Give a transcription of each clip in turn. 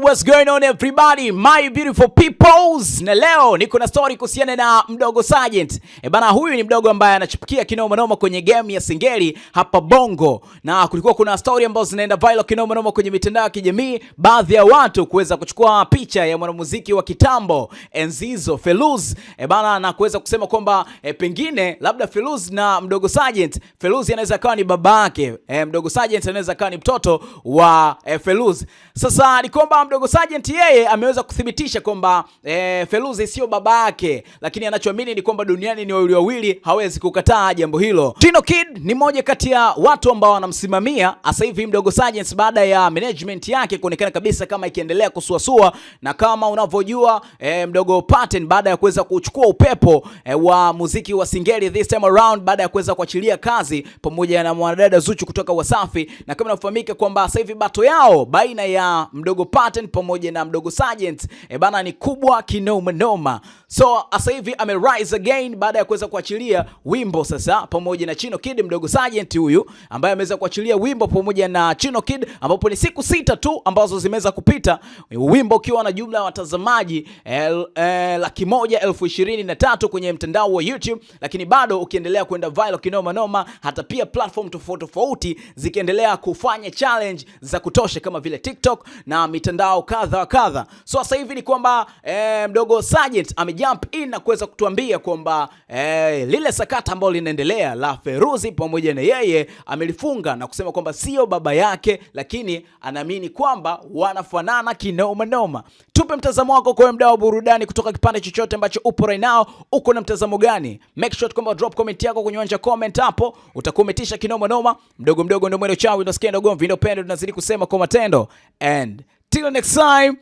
what's going on everybody my beautiful peoples, na leo niko na story kuhusiana na mdogo Sergeant. E bana, huyu ni mdogo ambaye anachipukia kinoma noma kwenye game ya singeli hapa Bongo, na kulikuwa kuna story ambazo zinaenda viral kinoma noma kwenye mitandao ya kijamii, baadhi ya watu kuweza kuchukua picha ya mwanamuziki wa kitambo Enzizo Feluz, e eh, bana, na kuweza kusema kwamba e, pengine labda Feluz na mdogo Sergeant, Feluz anaweza kawa ni baba yake e, mdogo Sergeant anaweza kawa ni mtoto wa e, Feluz. Sasa nikomba mdogo Sergeant yeye ameweza kuthibitisha kwamba e, eh, Feruzi sio baba yake, lakini anachoamini ni kwamba duniani ni wawili wawili, hawezi kukataa jambo hilo. Tino Kid ni moja kati ya watu ambao wanamsimamia sasa hivi mdogo Sergeant, baada ya management yake kuonekana kabisa kama ikiendelea kusuasua, na kama unavyojua e, mdogo Paten baada ya kuweza kuchukua upepo e, wa muziki wa Singeli this time around baada ya kuweza kuachilia kazi pamoja na mwanadada Zuchu kutoka Wasafi, na kama unafahamika kwamba sasa hivi bato yao baina ya mdogo Paten Martin pamoja na mdogo Sergeant e bana, ni kubwa kinoma noma. So sasa hivi ame rise again baada ya kuweza kuachilia wimbo sasa pamoja na Chino Kid, mdogo Sergeant huyu ambaye ameweza kuachilia wimbo pamoja na Chino Kid, ambapo ni siku sita tu ambazo zimeweza kupita, wimbo ukiwa na jumla ya watazamaji el, el, laki moja elfu ishirini na tatu kwenye mtandao wa YouTube, lakini bado ukiendelea kwenda viral kinoma noma, hata pia platform tofauti tofauti zikiendelea kufanya challenge za kutosha kama vile TikTok na mitandao zao kadha wa kadha. So sasa hivi ni kwamba e, mdogo Sergeant amejump in na kuweza kutuambia kwamba e, lile sakata ambalo linaendelea la Feruzi pamoja na yeye amelifunga na kusema kwamba sio baba yake, lakini anaamini kwamba wanafanana kinoma noma. Tupe mtazamo wako kwa mdau wa burudani kutoka kipande chochote ambacho upo right now, uko na mtazamo gani? Make sure kwamba drop comment yako kwenye uwanja comment hapo, utakuwa umetisha kinoma noma. Mdogo mdogo ndio mwendo chao, ndio sikia ndogo ndio pendo, tunazidi kusema kwa matendo and Till next time,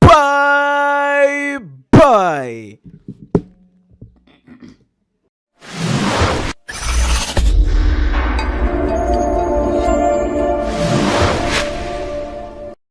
bye bye.